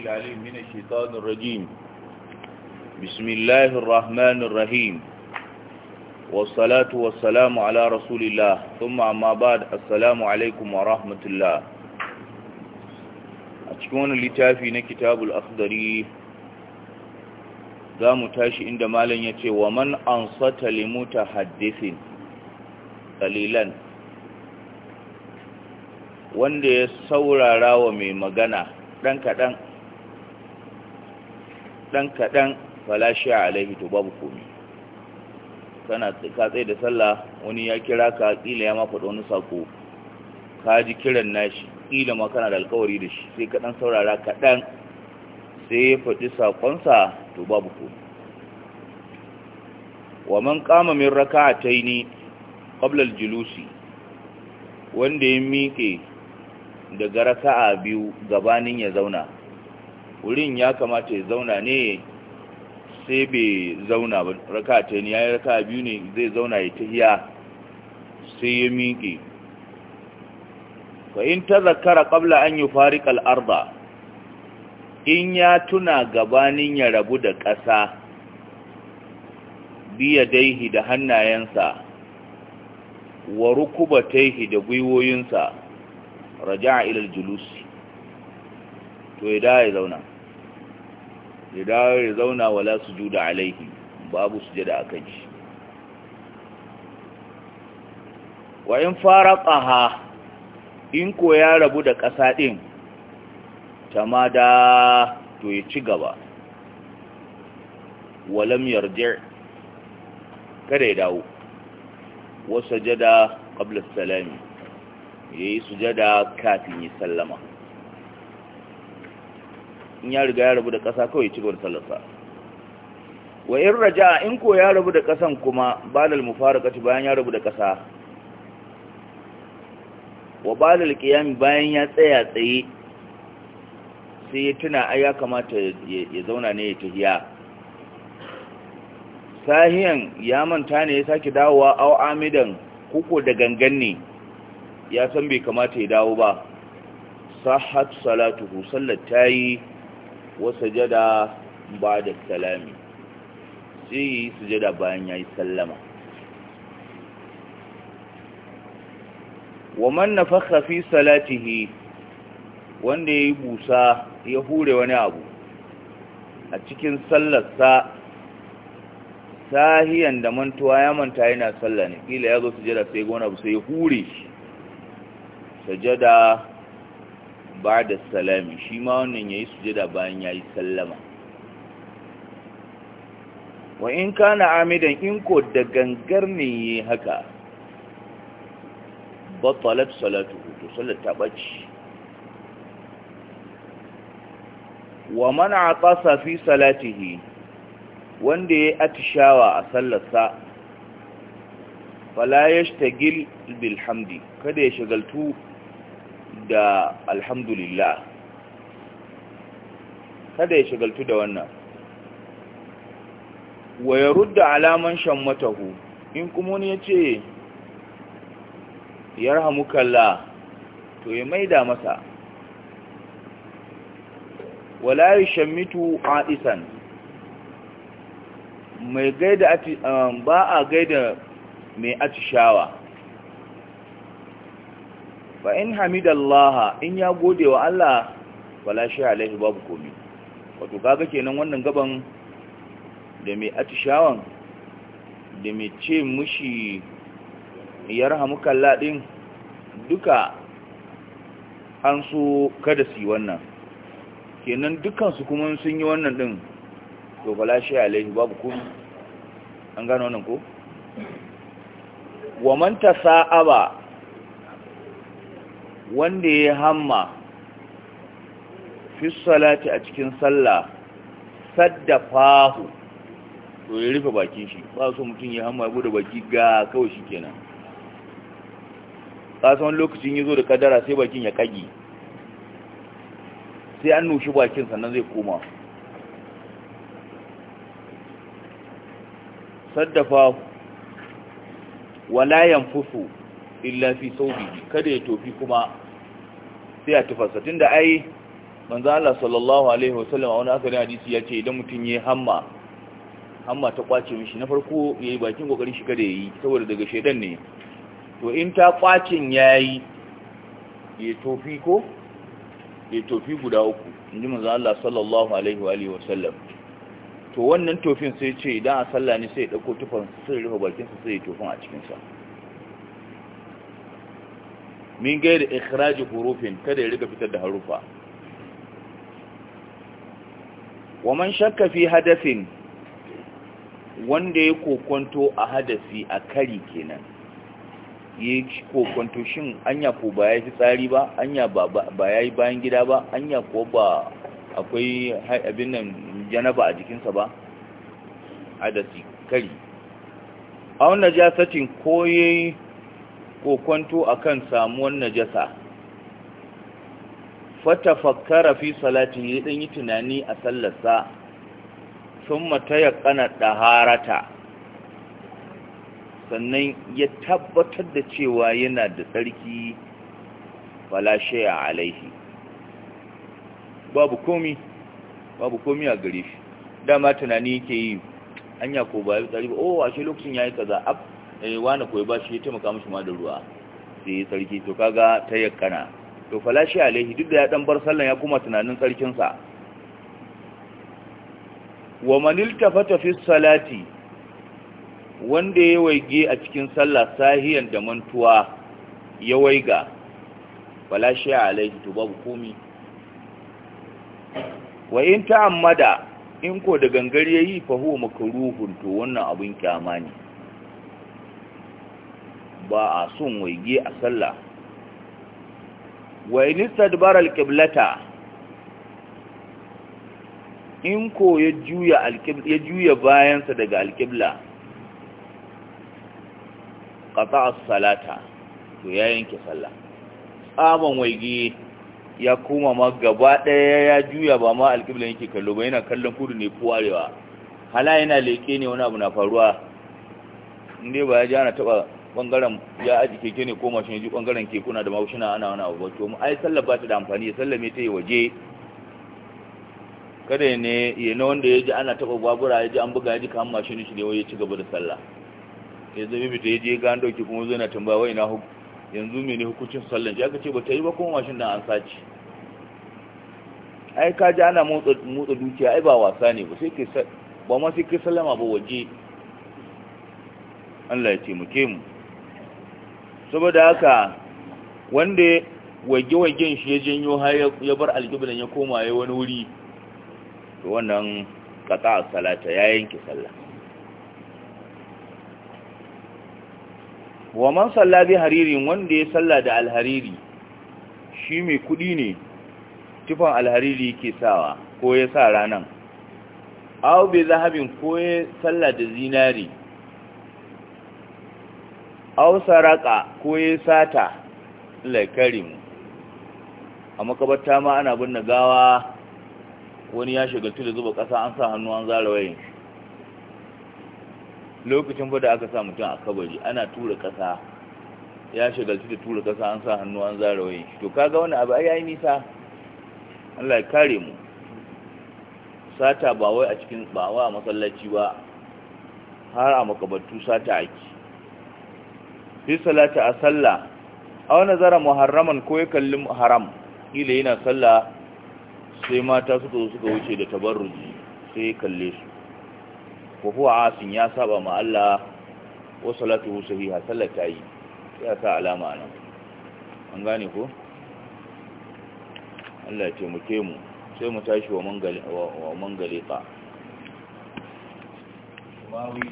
السميع العليم من الشيطان الرجيم بسم الله الرحمن الرحيم والصلاة والسلام على رسول الله ثم أما بعد السلام عليكم ورحمة الله أتكون لتافين كتاب الأخضري za mu tashi inda malin ya ce wa man an sata limuta haddifin dalilan wanda ya saurara wa mai magana ɗan kaɗan dan kaɗan fala shi alaihi to babu komi. kana ka tsaye da sallah wani ya kira ka ƙila ya ma wani sako ka ji kiran nashi Ƙila ma kana da alkawari da shi sai kaɗan saurara kaɗan sai ya faɗi sakonsa to babu komi. wa man kama min a qabla al-julusi wanda ya miƙe daga raka'a biyu gabanin ya zauna wurin ya kamata ya zauna ne sai bai zauna ba raka ta ne ya yi raka biyu ne zai zauna ya tahiya sai ya miƙe fa in ta zakara ƙabla an yi fariƙal arba in ya tuna gabanin ya rabu da ƙasa biya daihi da hannayensa wa rukuba taihi da gwiwoyinsa raja'a ilal julusi to ya da ya zauna ya dawo ya zauna wala sujuda alaihi babu sujada aka shi wa in ƙaha in ko ya rabu da ƙasa ɗin da to ya ci gaba walam yarje kada ya dawo wasu jada ƙablar salami ya yi sujada kafin yi sallama in ya riga ya rabu da ƙasa kawai ci gaba da wa in raja in ko ya rabu da ƙasan kuma balal mufarakati bayan ya rabu da ƙasa wa balal qiyam bayan ya tsaya tsaye sai ya tuna ai ya kamata ya zauna ne ya tahiya sahiyan ya manta ne ya sake dawowa au amidan kuko da gangan ne ya san bai kamata ya dawo ba sahat salatuhu sallar tayi وسجد بعد السلام sujada bayan بان sallama. Wa ومن نفخ fi salatihi wanda ya yi busa ya hure wani abu a cikin sallarsa sahiyan da mantuwa ya manta yana sallah ne kila ya zo sujada sai gona abu sai hure shi sujada ba da salami shi ma wannan ya yi sujada bayan ya yi sallama wa in kana amidan in ko da gangar ne yi haka talab salatu hutu salata ta wa wa a atasa fi salatihi wanda ya yi atishawa a sallarsa falayashtagil bilhamdi bil hamdi kada ya shagaltu da alhamdulillah kada ya shigaltu da wannan wa ya rudda alaman shan shammatahu in kuma wani ya ce ya rahamukalla to ya maida masa wala ya a isan mai gaida um, ba a gaida mai atishawa fa in hamidallaha in ya gode wa Allah wala shi alaihi babu komi wato kaga kenan wannan gaban da mai atishawan da mai ce mushi yarhamukalla din duka an so kada su yi wannan kenan dukansu kuma sun yi wannan din to wala shi alaihi babu komi an gano wannan ko wa man tasa'aba wanda ya hamma fi salati a cikin sallah sadda fahu to ya rufe bakin shi ba su mutum ya hamma ya bude baki ga kawai shi kenan kasuwan lokacin ya zo da kadara sai bakin ya kagi sai an nushi bakin sannan zai koma saddafa wala fufu illa fi saubihi kada ya tofi kuma sai a tufarsa da ai manzo Allah sallallahu alaihi wasallam a wani akari hadisi ya ce idan mutum yayi hamma hamma ta kwace mishi na farko yayi bakin kokarin shi kada yayi saboda daga shedan ne to in ta kwacin yayi ya tofi ko ya tofi guda uku inji manzo Allah sallallahu alaihi wa alihi wasallam to wannan tofin sai ce idan a sallah ne sai ya dauko tufan sai ya rufe bakin sa sai ya tofin a cikin sa min gairi ikhraji hurufin kada ya riga fitar da harufa wa man shakka fi hadafin wanda ya kokonto a hadafi a kari kenan ya yi kokonto shin anya ko ba ya fi tsari ba anya ba ya yi bayan gida ba anya ko ba akwai abin nan janaba a jikinsa ba Hadafi, kari a wannan jasacin ko ya a akan samuwar najasa fakara fi salatin yi dan yi tunani a sallarsa sun ya ƙana ɗaharata sannan ya tabbatar da cewa yana da tsarki wala shay'a alaihi babu komi babu komi a gari. shi dama tunani yake yi anya ko ba ya tsari ba oh ashe lokacin ya yi kaza eh wani koyi ba shi ya taimaka mishi ma da ruwa sai ya sarki to kaga ta yakkana to falashi alaihi duk da ya dan bar sallan ya kuma tunanin sarkin sa wa man iltafata fi salati wanda ya waige a cikin sallah sahiyan da mantuwa ya waiga falashi alaihi to babu komi wa in ta'ammada in ko da gangare yayi fa huwa makruhun to wannan abun kyama ne ba a son waige a sallah wa inistadbar alqiblata in ko ya juya ya juya bayansa daga alqibla qata'a salata to ya yanke sallah tsaban waige ya koma ma gaba daya ya juya ba ma alqibla yake kallo ba yana kallon kudu ne ko hala yana leke ne wani abu na faruwa inda ba ya ji ana taba bangaren ya aji keke ne ko mashin ya ji bangaren kekuna da maushina ana wani abu to ai sallar ba ta da amfani ya sallame ta yi waje kada ne ya na wanda ya ji ana taba babura ya ji an buga ya ji kan mashin shi ne ya ci gaba da sallah ya zai bibita ya je ga an dauki kuma zai na tambaya wai na yanzu mene hukuncin sallar shi aka ce ba ta yi ba kuma mashin da an saci ai ka ji ana motsa dukiya ai ba wasa ne ba sai ke ba ma sai ke sallama ba waje Allah ya taimake mu saboda haka wanda wage-wagen shi ya janyo har ya bar alƙiblan ya koma ya wani wuri to wannan a salata ya yanke sallah wa man salla bi hariri wanda ya salla da alhariri shi mai kudi ne tufan alhariri yake sawa ko ya sa ranan aw bi zahabin ko ya salla da zinari aw saraka ko ya sata laikari mu. a makabarta ma ana binne gawa wani ya shiga da zuba ƙasa an sa hannu an zara wayin lokacin fa aka sa mutum a kabari ana tura ƙasa ya shiga da tura ƙasa an sa hannu an zara wayin to kaga wani abu ya yayi nisa an ya mu sata ba wai a cikin ba wa masallaci ba har a makabartu sata ake fi salati a sallah wani nazara muharraman ko ya kalli haram ila yana sallah sai mata suka zo suka wuce da tabarruji sai ya kalle su ko huwa asin ya saba ma Allah wa salatuhu sahiha ta yi ya sa alama nan an gane ko Allah ya taimake mu sai mu tashi wa mangale wa mangale fa wawi